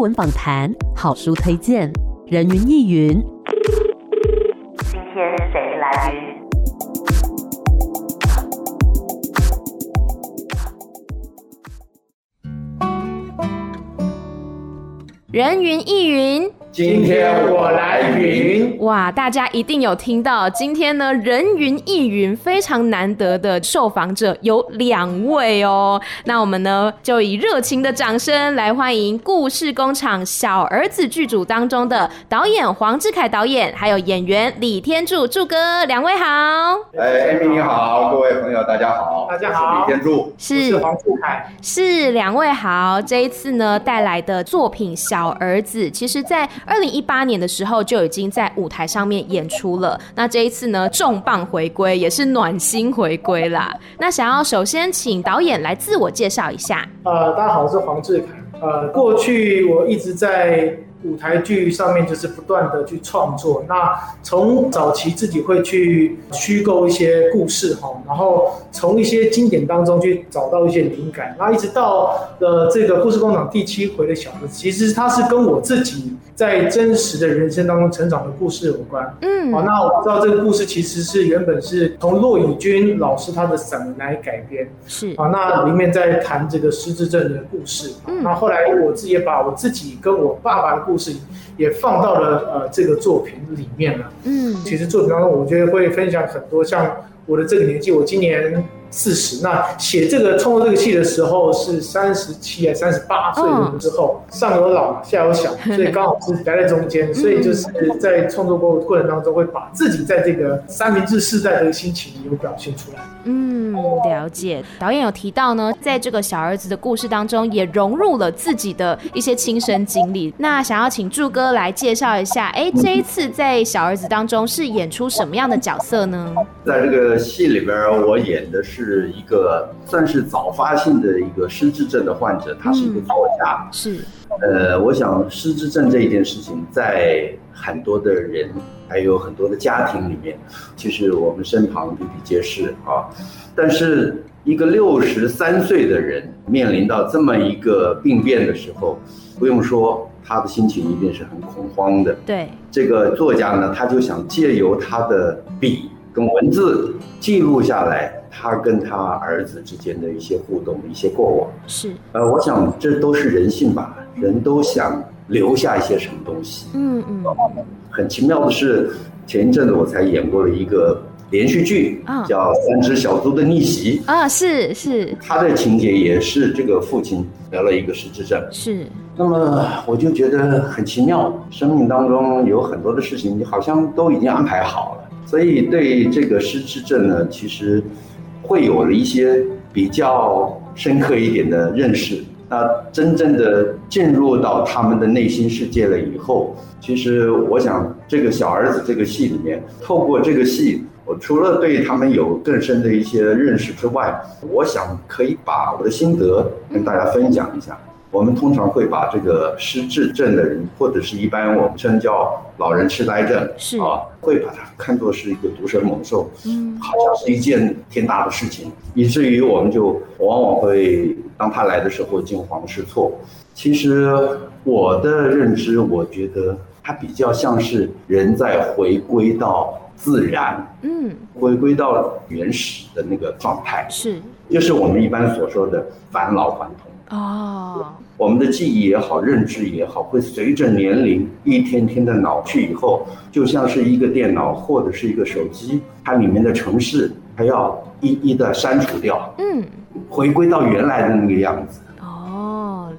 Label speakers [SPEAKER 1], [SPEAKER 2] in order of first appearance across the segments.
[SPEAKER 1] 文訪談，好書推薦，人云藝云。今天誰來云？人云藝云。今天我來云哇，大家一定有聽到。今天呢，人云亦云，非常難得的受訪者有兩位哦。那我們呢，就以熱情的掌聲來歡迎《故事工廠》小兒子劇組當中的導演黃致凱導演，還有演員李天柱柱哥兩位好。哎、欸，Amy
[SPEAKER 2] 你好，
[SPEAKER 3] 各位朋友大家好，大家好。家好是李天柱是黃致
[SPEAKER 1] 凱是，是兩位好。這一次呢，帶來的作品《小兒子》，其實在。二零一八年的時候就已經在舞台上面演出了，那這一次呢重磅回歸也是暖心回歸啦。那想要首先請導演來自我介紹一下。呃，
[SPEAKER 2] 大家好，我是黃致凱。呃，過去我一直在。舞台劇上面就是不斷的去創作，那從早期自己會去虛構一些故事哈，然後從一些經典當中去找到一些靈感，那一直到呃這個故事工廠第七回的小兒子，其實它是跟我自己在真實的人生當中成長的故事有關。嗯，好、哦，那我知道這個故事其實是原本是從駱以軍老師他的散文來改編。是，好、哦，那裡面在談這個失智症的故事。嗯、哦，那後來我自己也把我自己跟我爸爸的故事也放到了呃這個作品裡面了。嗯，其實作品當中，我覺得會分享很多，像我的這個年紀，我今年。四十。那寫這個創作這個戲的時候是三十七還是三十八歲，之後上有老下有小，所以剛好是待在中間， 所以就是在創作過過程當中會把自己在這個三明治世代的一個心情有表現出來。
[SPEAKER 1] 嗯，了解。導演有提到呢，在這個小兒子的故事當中也融入了自己的一些親身經歷。那想要請柱哥來介紹一下，哎，這一次在小兒子當中是演出什麼樣的角色呢？
[SPEAKER 3] 在這個戲裡邊，我演的是。是一個算是早發性的一個失智症的患者，他是一個作家，嗯、是，呃，我想失智症這一件事情，在很多的人，還有很多的家庭裡面，其實我們身旁比比皆是啊。但是一個六十三歲的人面臨到這麼一個病變的時候，不用說，他的心情一定是很恐慌的。對，這個作家呢，他就想借由他的筆。跟文字記錄下來，他跟他兒子之間的一些互動，一些過往是。呃，我想這都是人性吧，嗯、人都想留下一些什麼東西。嗯嗯，嗯。很奇妙的是，前一陣子我才演過了一個連續劇，哦、叫《三隻小豬的逆襲》。
[SPEAKER 1] 啊、哦，是是。他的情
[SPEAKER 3] 節也是這個父親得了一個失智症。是。那麼我就覺得很奇妙，生命當中有很多的事情，你好像都已經安排好了。所以對這個失智症呢，其實會有了一些比較深刻一點的認識。那真正的進入到他們的內心世界了以後，其實我想這個小兒子這個戲裡面，透過這個戲，我除了對他們有更深的一些認識之外，我想可以把我的心得跟大家分享一下。我們通常會把這個失智症的人，或者是一般我們稱叫老人癡呆症，是啊，會把它看作是一個毒蛇猛獸，嗯，好像是一件天大的事情，以至於我們就往往會當他來的時候驚慌失措。其實我的認知，我覺得它比較像是人在回歸到自然，嗯，回歸到原始的那個狀態，是，就是我們一般所說的返老還童。
[SPEAKER 1] 哦，oh.
[SPEAKER 3] 我們的記憶也好，認知也好，會隨着年齡一天天的老去以後，就像是一個電腦或者是一個手機，它裡面的城市還要一一的刪除掉，嗯，回歸到原來的那個樣子。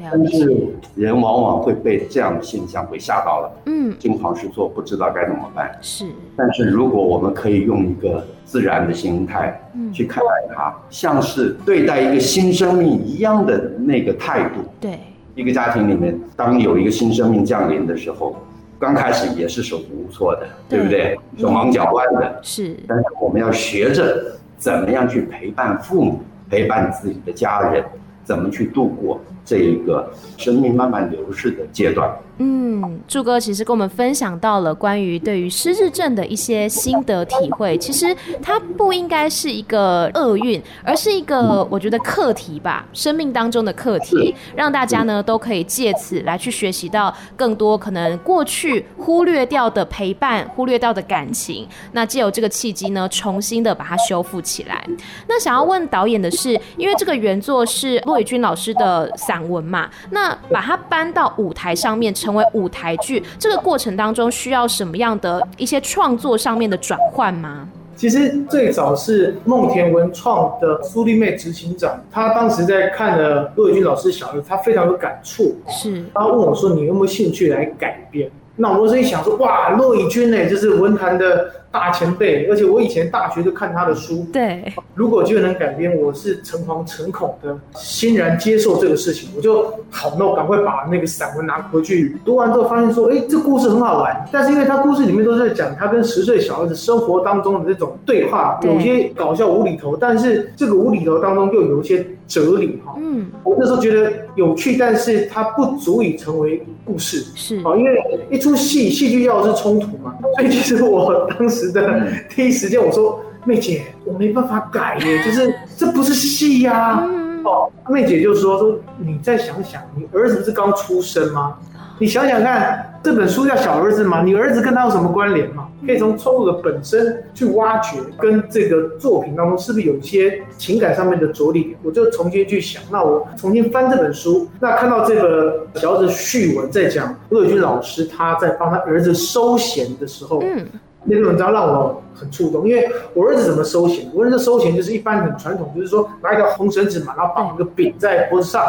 [SPEAKER 3] 但是人往往會被這樣的現象給嚇到了，嗯，驚慌失措，不知道該怎麼辦。是。但是如果我們可以用一個自然的心態，嗯，去看待它，嗯、像是對待一個新生命一樣的那個態度。對。一個家庭裡面，嗯、當有一個新生命降臨的時候，剛開始也是手足無措的，對，對不對？手忙腳亂的、嗯。是。但是我們要學着怎麼樣去陪伴父母，嗯、陪伴自己的家人，怎麼去度過。這一個生命慢慢流逝的階段，
[SPEAKER 1] 嗯，柱哥，其實跟我們分享到了關於對於失智症的一些心得體會。其實它不應該是一個厄運，而是一個我覺得課題吧，嗯、生命當中的課題，讓大家呢都可以借此來去學習到更多可能過去忽略掉的陪伴、忽略掉的感情。那借由這個契機呢，重新的把它修復起來。那想要問導演的是，因為這個原作是駱以軍老師的散。文嘛，那把它搬到舞臺上面成為舞臺劇，這個過程當中需要什麼樣的一些創作上面的轉換嗎？
[SPEAKER 2] 其實最早是夢田文創的蘇麗媚執行長，他當時在看了駱以軍老師小說，他非常有感觸，是，他問我說：“你有沒有興趣來改編？”那我當時一想說：“哇，駱以軍呢，就是文壇的。”大前輩，而且我以前大學就看他的書。
[SPEAKER 1] 對，
[SPEAKER 2] 如果就能改編，我是誠惶誠恐的，欣然接受這個事情。我就好，弄，趕快把那個散文拿回去讀完之後，發現說，哎、欸，這故事很好玩。但是因為他故事裡面都是在講他跟十歲小孩子生活當中的這種對話，有些搞笑無厘頭，對但是這個無厘頭當中又有一些哲理哈。嗯，我那時候覺得有趣，但是它不足以成為故事，是啊，因為一出戲，戲劇要的是衝突嘛，所以其實我當時。是的，嗯、第一時間我說妹姐，我沒辦法改耶，就是這不是戲呀、啊。哦，妹姐就說說，你再想想，你兒子不是剛出生嗎？你想想看，這本書叫小兒子嗎？你兒子跟他有什麼關聯嗎？嗯、可以從錯誤的本身去挖掘，跟這個作品當中是不是有一些情感上面的着力點？我就重新去想，那我重新翻這本書，那看到這個小兒子序文在講駱以軍老師他在幫他兒子收涎的時候。嗯那篇文章讓我很觸動，因為我兒子怎麼收涎？我兒子收涎就是一般很傳統，就是說拿一條紅繩子嘛，然後放一個餅在脖子上，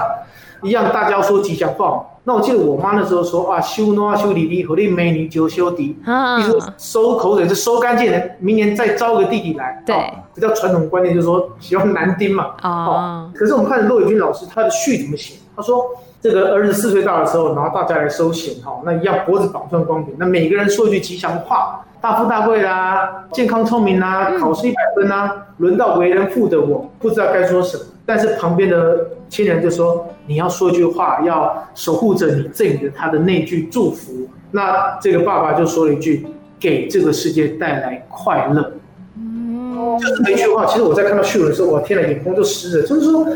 [SPEAKER 2] 一樣大家說吉祥話。那我記得我媽那時候說啊，修儂啊修理弟，合力沒你美女就修弟啊，意、嗯、收口水，就收乾淨的，明年再招個弟弟來。哦、對，比較傳統觀念就是說喜歡男丁嘛。啊、嗯，可是我們看駱以軍老師他的序怎麼寫？他說。這個兒子四歲大的時候，然後大家來收錢哈，那一樣脖子綁上光餅，那每個人說一句吉祥話，大富大貴啦、啊，健康聰明啦、啊，考試一百分啦、啊。嗯、輪到為人父的，我不知道該說什麼，但是旁邊的親人就說你要說一句話，要守護着你贈予他的那句祝福。那這個爸爸就說了一句，給這個世界帶來快樂。嗯、就這一句話，其實我在看到序文的時候，我天吶，眼眶就濕了，就是說。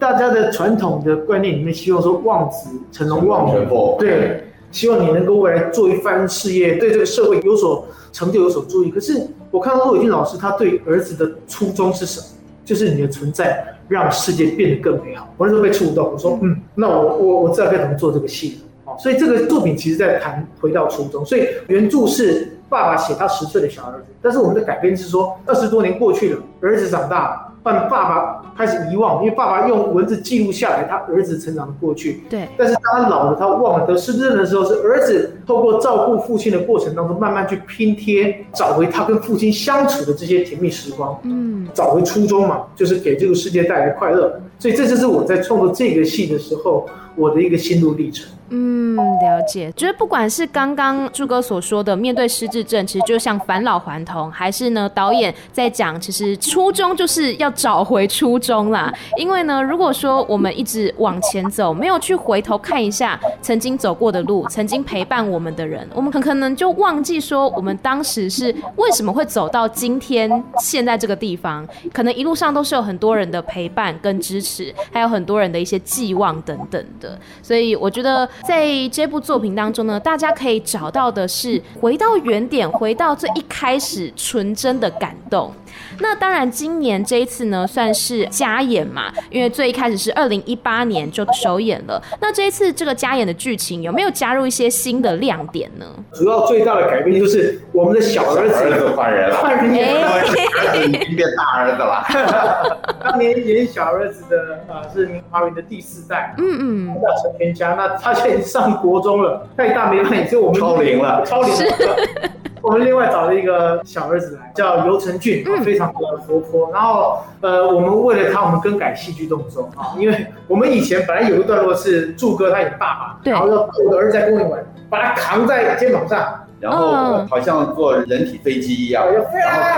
[SPEAKER 2] 大家的傳統的觀念裡面，希望說望子成龍、望女成鳳，對，希望你能夠未來做一番事業，對這個社會有所成就、有所助益。可是我看到駱以軍老師，他對兒子的初衷是什麼？就是你的存在讓世界變得更美好。我那時候被觸動，我說，嗯，那我我我知道該怎麼做這個戲哦，所以這個作品其實在談回到初衷。所以原著是爸爸寫他十歲的小兒子，但是我們的改編是說二十多年過去了，兒子長大了，扮爸爸。開始遺忘，因為爸爸用文字記錄下來他兒子成長的過去。對，但是當他老了，他忘了。得失智症的時候，是兒子透過照顧父親的過程當中，慢慢去拼貼，找回他跟父親相處的這些甜蜜時光。嗯，找回初衷嘛，就是給這個世界帶來快樂。所以這就是我在創作這個戲的時候，我
[SPEAKER 1] 的一個心路歷程，嗯，了解。覺得，不管是剛剛柱哥所說的面對失智症，其實就像返老還童，還是呢導演在講，其實初衷就是要找回初衷啦。因為呢，如果說我們一直往前走，沒有去回頭看一下曾經走過的路，曾經陪伴我們的人，我們很可能就忘記說我們當時是為什麼會走到今天現在這個地方。可能一路上都是有很多人的陪伴跟支持，還有很多人的一些寄望等等的。所以，我覺得在這部作品當中呢，大家可以找到的是回到原點，回到最一開始純真的感動。那當然，今年這一次呢，算是加演嘛，因為最開始是二零一八年就首演了。那這一次這個加演的劇情有沒有加入一些新的亮點呢？
[SPEAKER 2] 主要最大的改變就是我們的小兒子都成大人了，人了欸、已經變大人了。當年演小兒子的啊，是明華雲的第四代，嗯嗯，叫陳天佳，那他現在上國中了，太大沒有演，就我們超齡了，超齡了。我們另外找了一個小兒子來，叫劉承俊，非常的活潑。嗯、然後，呃，我們為了他，我們更改戲劇動作啊，因為我們以前本來有一段落是柱哥他演爸爸，對然後我的兒子在公園玩，把他扛在肩膀上，然後、嗯、好像坐人體飛機一樣，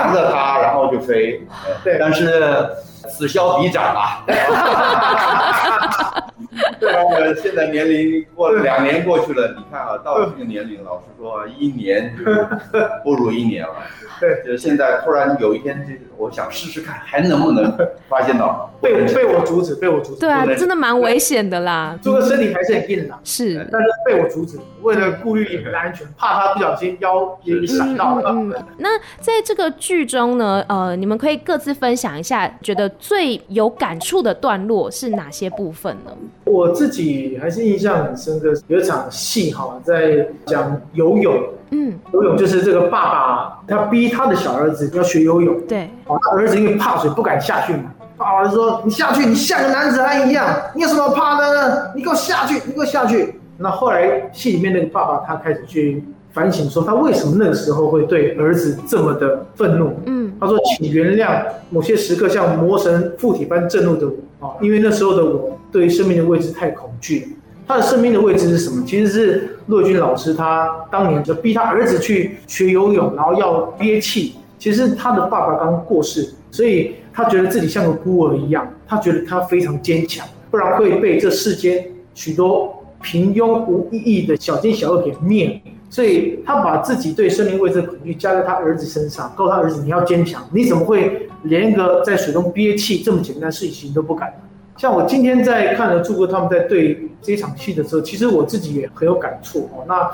[SPEAKER 2] 扛著他，然後就飛。
[SPEAKER 3] 呃、對但是此消彼長啊。 現在年齡過了兩年過去了，你看啊，到了這個年齡，老實說，一年不如一年了。對，就現在突然有一天，就是我想試試看
[SPEAKER 2] 還能不能發現到，被我被我阻止，被我阻止。對啊，真
[SPEAKER 1] 的蠻危險的啦。這個身體還是很
[SPEAKER 2] 硬朗。是，但是被我阻止，為了顧慮你們的安全，怕他不小心腰也閃到了。嗯嗯
[SPEAKER 1] 嗯。那在這個劇中呢，呃，你們可以各自分享一下，覺得最有感觸的段落是哪些部分呢？
[SPEAKER 2] 我自己還是印象很深刻，有一場戲哈，在講游泳，嗯，游泳就是這個爸爸他逼他的小兒子要學游泳，對、啊，兒子因為怕水不敢下去嘛，爸爸就說，你下去，你像個男子漢一樣，你有什麼怕的呢？你給我下去，你給我下去。那後來戲裡面那個爸爸他開始去反省，說他為什麼那個時候會對兒子這麼的憤怒，嗯，他說請原諒某些時刻像魔神附體般震怒的我啊，因為那時候的我。對於生命的位置太恐懼了。他的生命的位置是什麼？其實是駱以軍老師，他當年就逼他兒子去學游泳，然後要憋氣。其實他的爸爸剛過世，所以他覺得自己像個孤兒一樣。他覺得他非常堅強，不然會被這世間許多平庸無意義的小奸小惡給滅。所以他把自己對生命位置的恐懼加在他兒子身上，告訴他兒子：“你要堅強，你怎麼會連一個在水中憋氣這麼簡單的事情都不敢？”像我今天在看了柱哥他們在對這場戲的時候，其實我自己也很有感觸哦。那，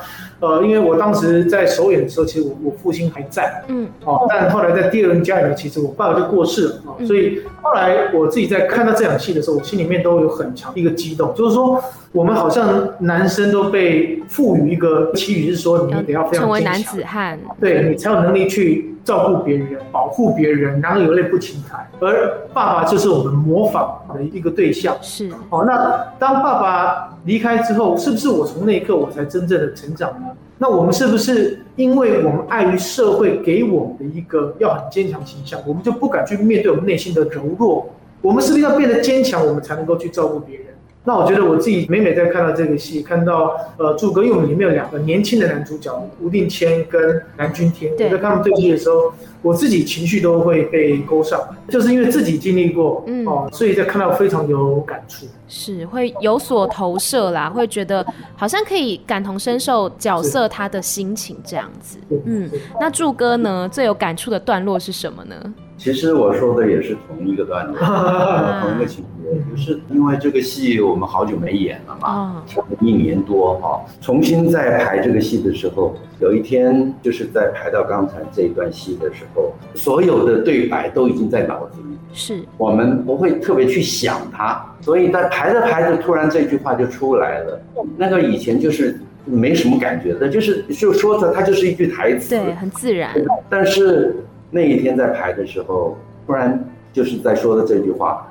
[SPEAKER 2] 呃，因為我當時在首演的時候，其實我我父親還在，嗯，哦，但後來在第二輪加演，其實我爸爸就過世了。哦，所以後來我自己在看到這場戲的時候，我心裡面都有很強一個激動，就是說我們好像男生都被賦予一個期許，其餘是說你得要非常堅強，成為男子
[SPEAKER 1] 漢，對你才有
[SPEAKER 2] 能力去。照顧別人，保護別人，然後有淚不輕彈。而爸爸就是我們模仿的一個對象。是哦，那當爸爸離開之後，是不是我從那一刻我才真正的成長呢？那我們是不是因為我們礙於社會給我們的一個要很堅強形象，我們就不敢去面對我們內心的柔弱？我們是不是要變得堅強，我們才能夠去照顧別人？那我覺得我自己每每在看到這個戲，看到呃柱哥，因為我們裡面有兩個年輕的男主角，嗯、吳定謙跟藍鈞天，嗯、我在看到這戲的時候，我自己情緒都會被勾上，就是因為自己經歷過，哦、嗯呃，所以在看到非常有感觸，
[SPEAKER 1] 是會有所投射啦，會覺得好像可以感同身受角色他的心情這樣子。是嗯，是那柱哥呢是最有感觸的段落是什麼呢？
[SPEAKER 3] 其實我說的也是同一個段子，啊、同一個情節，就是因為這個戲我們好久沒演了嘛，哦、一年多哈、哦、重新在排這個戲的時候，有一天就是在排到剛才這一段戲的時候，所有的對白都已經在腦子裡，是，我們不會特別去想它，所以在排着排着，突然這句話就出來了，那個以前就是沒什麼感覺的，就是就說着它就是一句台詞，對，很自然，但是。那一天在排的時候，突然就是在說的這句話。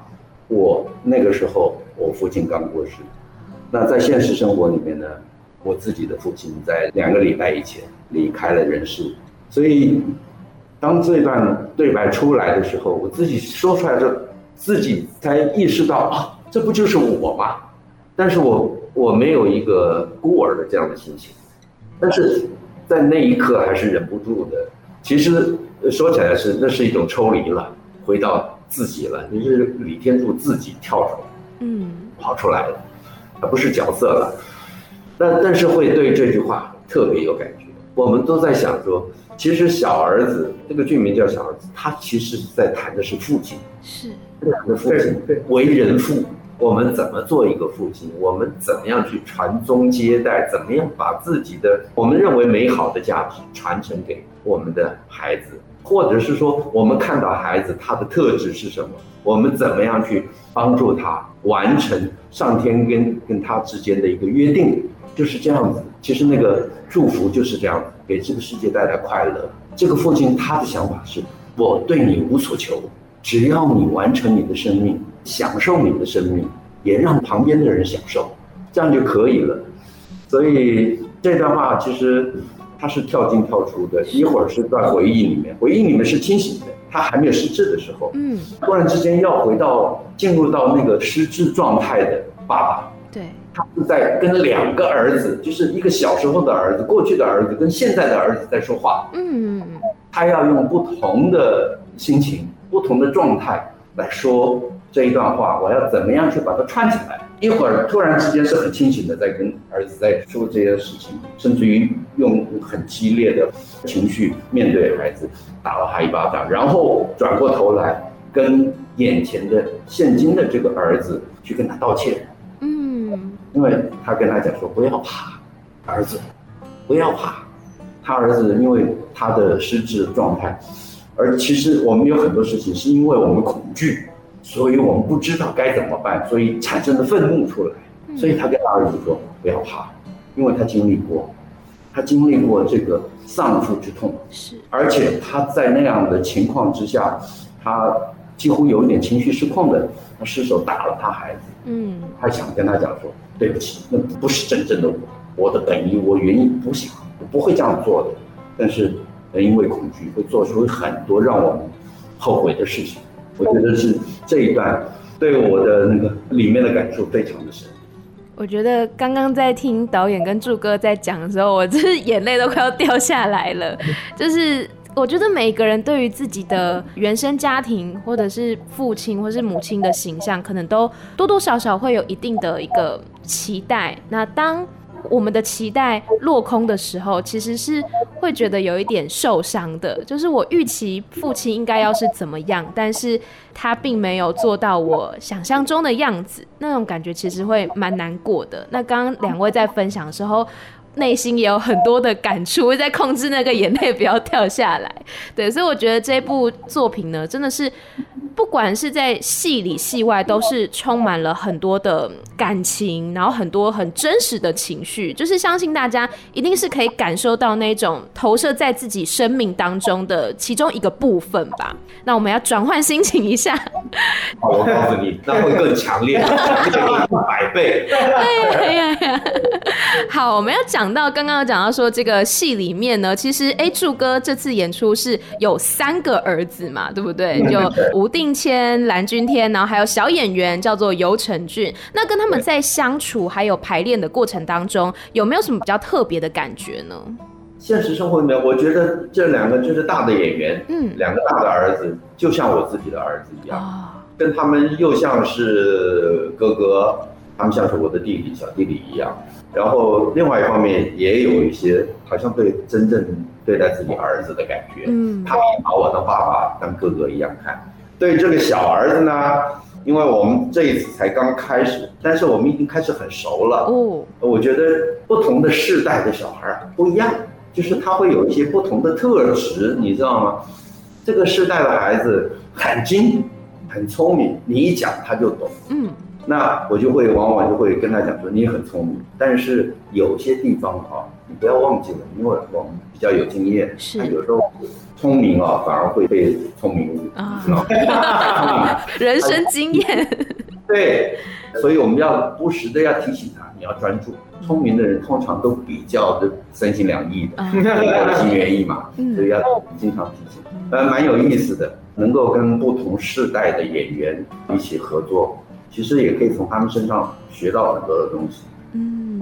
[SPEAKER 3] 我那個時候，我父親剛過世。那在現實生活裡面呢，我自己的父親在兩個禮拜以前離開了人世。所以，當這段對白出來的時候，我自己說出來的時候，自己才意識到啊，這不就是我嗎？但是我我沒有一個孤兒的這樣的心情，但是在那一刻還是忍不住的。其實。說起來是，那是一種抽離了，回到自己了。你、就是李天柱自己跳出來，嗯，跑出來了，而不是角色了。那
[SPEAKER 2] 但，但是會對這句
[SPEAKER 3] 話特別有感覺。我們都在想說，其實小兒子這個劇名叫小兒子，他其實在談的是父
[SPEAKER 2] 親，是談的父親，
[SPEAKER 3] 為人父。我們怎麼做一個父親？我們怎麼樣去傳宗接代？怎麼樣把自己的我們認為美好的價值傳承給我們的孩子？或者是說，我們看到孩子他的特質是什麼？我們怎麼樣去幫助他完成上天跟跟他之間的一個約定？就是這樣子。其實那個祝福就是這樣，給這個世界帶來快樂。這個父親他的想法是：我對你無所求，只要你完成你的生命。享受你的生命，也讓旁邊的人享受，這樣就可以了。所以這段話其實它是跳進跳出的，一會兒是在回憶裡面，回憶裡面是清醒的，他還沒有失智的時候。嗯。突然之間要回到進入到那個失智狀態的爸爸。對。他是在跟兩個兒子，就是一個小時候的兒子、過去的兒子，跟現在的兒子在說話。嗯嗯嗯。他要用不同的心情、不同的狀態。來說這一段話，我要怎麼樣去把它串起來？一會兒突然之間是很清醒的，在跟兒子在說這些事情，甚至於用很激烈的情緒面對孩子，打了他一巴掌，然後轉過頭來跟眼前的現今的這個兒子去跟他道歉。嗯，因為他跟他講說不要怕，兒子，不要怕，他兒子因為他的失智狀態，而其實我們有很多事情是因為我們恐。懼，所以我們不知道該怎麼辦，所以產生了憤怒出來。所以他跟他兒子說：“不要怕，因為他經歷過，他經歷過這個喪父之痛，是。而且他在那樣的情況之下，他幾乎有一點情緒失控的，他失手打了他孩
[SPEAKER 2] 子。嗯，
[SPEAKER 3] 他想跟他講說：“對不起，那不是真正的我，我的本意，我原意不想，我不會這樣做的。但是，因為恐懼會做出很多讓我們後悔的事情。”我覺得是這一段對我的那個裡面的感觸非常的深。
[SPEAKER 1] 我覺得剛剛在聽導演跟柱哥在講的時候，我就是眼淚都快要掉下來了。 就是我覺得每個人對於自己的原生家庭，或者是父親，或者是母親的形象，可能都多多少少會有一定的一個期待。那當我們的期待落空的時候，其實是會覺得有一點受傷的。就是我預期父親應該要是怎麼樣，但是他並沒有做到我想象中的樣子，那種感覺其實會蠻難過的。那剛剛兩位在分享的時候，內心也有很多的感觸，在控制那個眼淚不要掉下來。對，所以我覺得這部作品呢，真的是不管是在戲裡戲外，都是充滿了很多的感情，然後很多很真實的情緒。就是相信大家一定是可以感受到那種投射在自己生命當中的其中一個部分吧。那我們要轉換心情一下，我告訴你，
[SPEAKER 3] 那會更強烈，一 百
[SPEAKER 1] 倍。哎呀，好，我們要講。講到剛剛有講到說這個戲裡面呢，其實哎，柱哥，這次演出是有三個兒子嘛，對不對？就吳定謙、藍鈞天，然後還有小演員叫做尤承俊。那跟他們在相處還有排練的過程當中，對有沒有什麼比較特別的感覺呢？
[SPEAKER 3] 現實生活裡面，我覺得這兩個就是大的演員，嗯，兩個大的兒子就像我自己的兒子一樣，哦、跟他們又像是哥哥。他們像是我的弟弟、小弟弟一樣，然後另外一方面也有一些好像對真正對待自己兒子的感覺，嗯，他們也把我的爸爸當哥哥一樣看。對這個小兒子呢，因為我們這一次才剛開始，但是我們已經開始很熟了。哦，我覺得不同的世代的小孩不一樣，就是他會有一些不同的特質，你知道嗎？這個世代的孩子很精，很聰明，你一講他就懂。嗯。那我就會往往就會跟他講說，你很聰明，但是有些地方啊、哦，你不要忘記了，因為我們比較有經驗，是有時候聰明啊、哦、反而會被聰明誤啊，哦、
[SPEAKER 1] 人生經驗、
[SPEAKER 3] 啊，對，所以我們要不時的要提醒他，你要專注， 聰明的人通常都比較的三心兩意的，嗯、心猿意馬嘛，嗯、所以要經常提醒、嗯呃。蠻有意思的，能夠跟不同世代的演員一起合作。嗯其實也可以從他們身上學到很多的東
[SPEAKER 1] 西。嗯，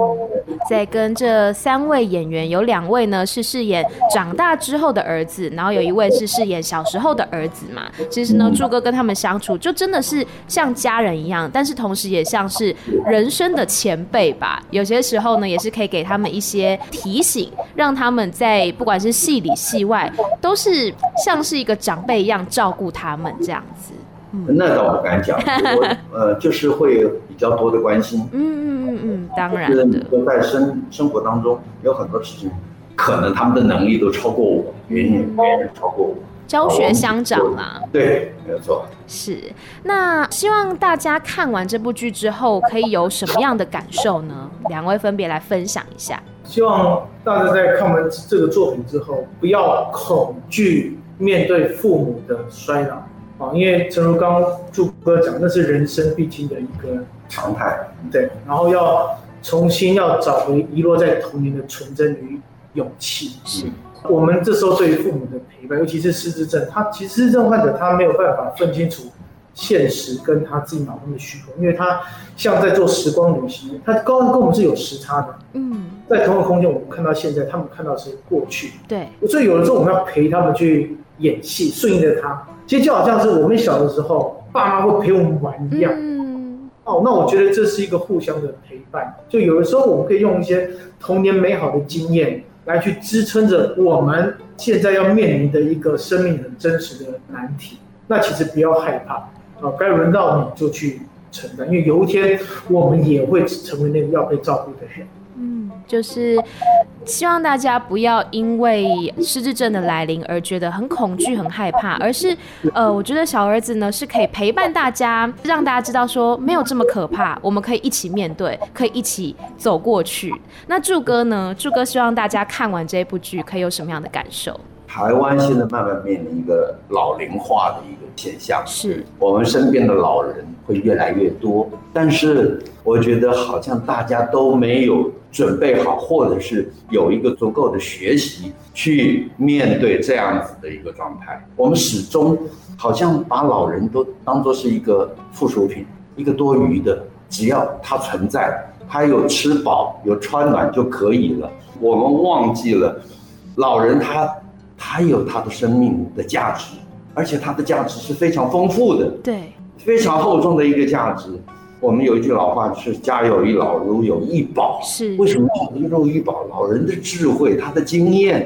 [SPEAKER 1] 在跟這三位演員，有兩位呢是飾演長大之後的兒子，然後有一位是飾演小時候的兒子嘛。其實呢，柱哥跟他們相處，就真的是像家人一樣，但是同時也像是人生的前輩吧。有些時候呢，也是可以給他們一些提醒，讓他們在不管是戲裡戲外，都是像是一個長輩一樣照顧他們這樣子。那倒不敢講，
[SPEAKER 3] 我，呃，就是會有比較多的關心。嗯嗯
[SPEAKER 1] 嗯，嗯，當然的。
[SPEAKER 3] 就在生生活當中，有很多事情，可能他們的能力都超過我，遠遠遠遠超過我。
[SPEAKER 1] 教學相長啊。對，
[SPEAKER 3] 沒有錯。
[SPEAKER 1] 是，那希望大家看完這部劇之後，可以有什麼樣的感受呢？兩位分別來分享一下。希
[SPEAKER 2] 望大家在看完這個作品之後，不要恐懼面對父母的衰老。啊、哦，因為正如剛剛柱哥講，那是人生必經的一個常態。對，然後要重新要找回遺落在童年的純真與勇氣。是，我們這時候對於父母的陪伴，尤其是失智症，他其實失智症患者他沒有辦法分清楚現實跟他自己腦中的虛構，因為他像在做時光旅行，他跟跟我們是有時差的。嗯，在同一個空間，我們看到現在，他們看到是過去。對，所以有的時候我們要陪他們去。演戲順應着他，其實就好像是我們小的時候，爸媽會陪我們玩一樣。嗯、哦，那我覺得這是一個互相的陪伴。就有的時候，我們可以用一些童年美好的經驗來去支撐着我們現在要面臨的一個生命很真實的難題。那其實不要害怕啊，該、哦、輪到你就去承擔，因為有一天我們也會成為那個要被照顧的人。
[SPEAKER 1] 嗯，就是希望大家不要因為失智症的來臨而覺得很恐懼、很害怕，而是，呃，我覺得小兒子呢是可以陪伴大家，讓大家知道說沒有這麼可怕，我們可以一起面對，可以一起走過去。那柱哥呢？柱哥希望大家看完這一部劇可以有什麼樣的感受？
[SPEAKER 3] 台灣現在慢慢面臨一個老齡化的一個。現象，是我們身邊的老人會越來越多，但是我覺得好像大家都沒有準備好，或者是有一個足夠的學習去面對這樣子的一個狀態。我們始終好像把老人都當作是一個附屬品，一個多餘的，只要他存在，他有吃飽，有穿暖就可以了。我們忘記了，老人他他有他的生命的價值。而且它的價值是非常豐富的，對，非常厚重的一個價值。我們有一句老話是“家有一老，如有一寶”。是，為什麼老人如一寶？老人的智慧、他的經驗，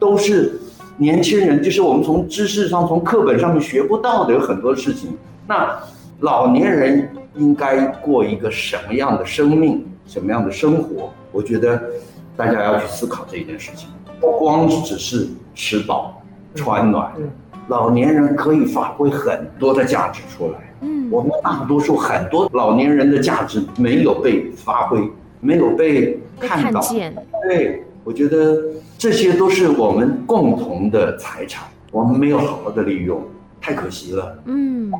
[SPEAKER 3] 都是年輕人就是我們從知識上、從課本上面學不到的有很多事情。那老年人應該過一個什麼樣的生命、什麼樣的生活？我覺得，大家要去思考這一件事情，不光只是吃飽、穿暖。嗯嗯老年人可以發揮很多的價值出來。嗯，我們大多數很多老年人的價值沒有被發揮，沒有被看到。看見。對，我覺得這些都是我們共同的財產，我們沒有好好的利用，太可惜
[SPEAKER 1] 了。
[SPEAKER 3] 嗯，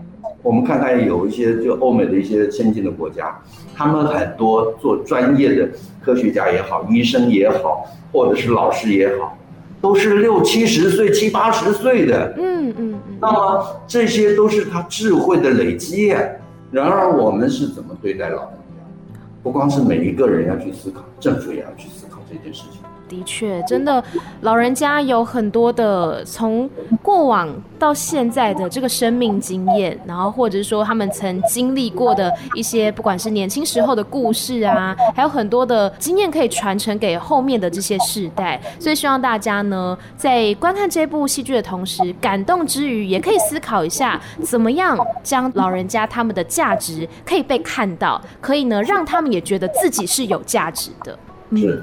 [SPEAKER 3] 我們看看有一些就歐美的一些先進的國家，他們很多做專業的科學家也好，醫生也好，或者是老師也好，都是六七十歲、七八十歲的，
[SPEAKER 2] 嗯
[SPEAKER 3] 嗯，那麼這些都是他智慧的累積啊。然而，我們是怎麼對待老人的？不光是每一個人要去思考，政府也要去思考這件事情。
[SPEAKER 1] 的確，真的，老人家有很多的從過往到現在的這個生命經驗，然後或者是說他們曾經歷過的一些，不管是年輕時候的故事啊，還有很多的經驗可以傳承給後面的這些世代。所以希望大家呢，在觀看這部戲劇的同時，感動之餘，也可以思考一下，怎麼樣將老人家他們的價值可以被看到，可以呢讓他們也覺得自己是有價值的。嗯，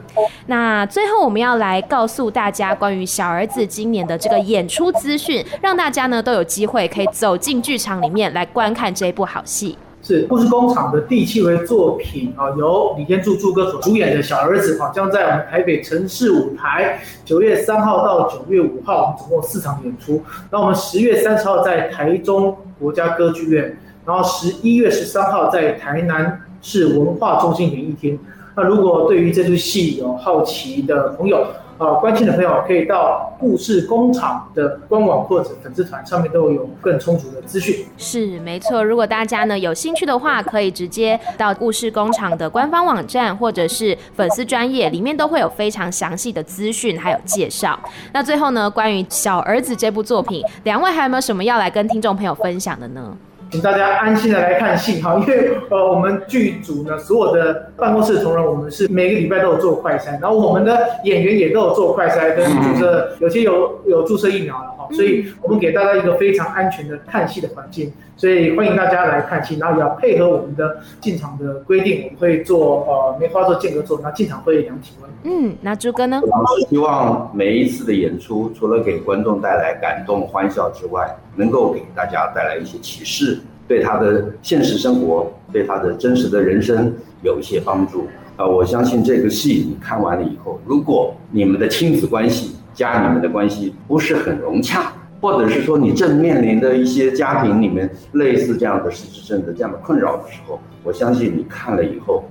[SPEAKER 1] 那最後我們要來告訴大家關於小兒子今年的這個演出資訊，讓大家呢都有機會可以走進劇場裡面來觀看這一部好戲。
[SPEAKER 2] 是故事工廠的第七回作品啊，由李天柱柱哥所主演的小兒子，啊，將在我們台北城市舞台九月三號到九月五號，我們總共四場演出。那我們十月三十號在台中國家歌劇院，然後十一月十三號在台南市文化中心演藝廳。那如果對於這部戲有好奇的朋友呃，關心的朋友，可以到故事工廠的官網或者粉絲團上面都有更充足的資訊。
[SPEAKER 1] 是，沒錯。如果大家呢有興趣的話，可以直接到故事工廠的官方網站或者是粉絲專頁裡面都會有非常詳細的資訊還有介紹。那最後呢，關於小兒子這部作品，兩位還有沒有什麼要來跟聽眾朋友分享的呢？
[SPEAKER 2] 請大家安心的來看戲哈，因為呃，我們劇組呢，所有的辦公室同仁，我們是每個禮拜都有做快篩，然後我們的演員也都有做快篩跟注射，有些有有注射疫苗的哈，所以我們給大家一個非常安全的看戲的環境。所以歡迎大家來看戲，然後要配合我們的進場的規定，我們會做呃梅花座間隔座，那進場會量體
[SPEAKER 1] 溫。嗯，那柱哥呢？我希望
[SPEAKER 3] 每一次的演出，除了給觀眾帶來感動歡笑之外，能夠給大家帶來一些啟示，對他的現實生活，對他的真實的人生有一些幫助。啊、呃，我相信這個戲你看完了以後，如果你們的親子關係、家你們的關係不是很融洽。或者是說你正面臨的一些家庭裡面類似這樣的失智症的這樣的困擾的時候，我相信你看了以後，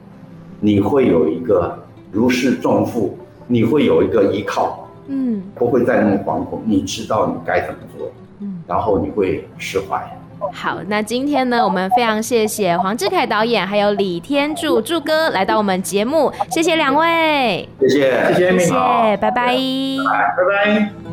[SPEAKER 3] 你會有一個如釋重負，你會有一個依靠，嗯，不會再那麼惶恐，你知道你該怎麼做，嗯，然後你會釋懷。
[SPEAKER 1] 好，那今天呢，我們非常謝謝黃致凱導演還有李天柱柱哥來到我們節目，謝謝兩位，謝謝謝謝，謝謝，謝謝，拜拜，拜
[SPEAKER 2] 拜。拜拜。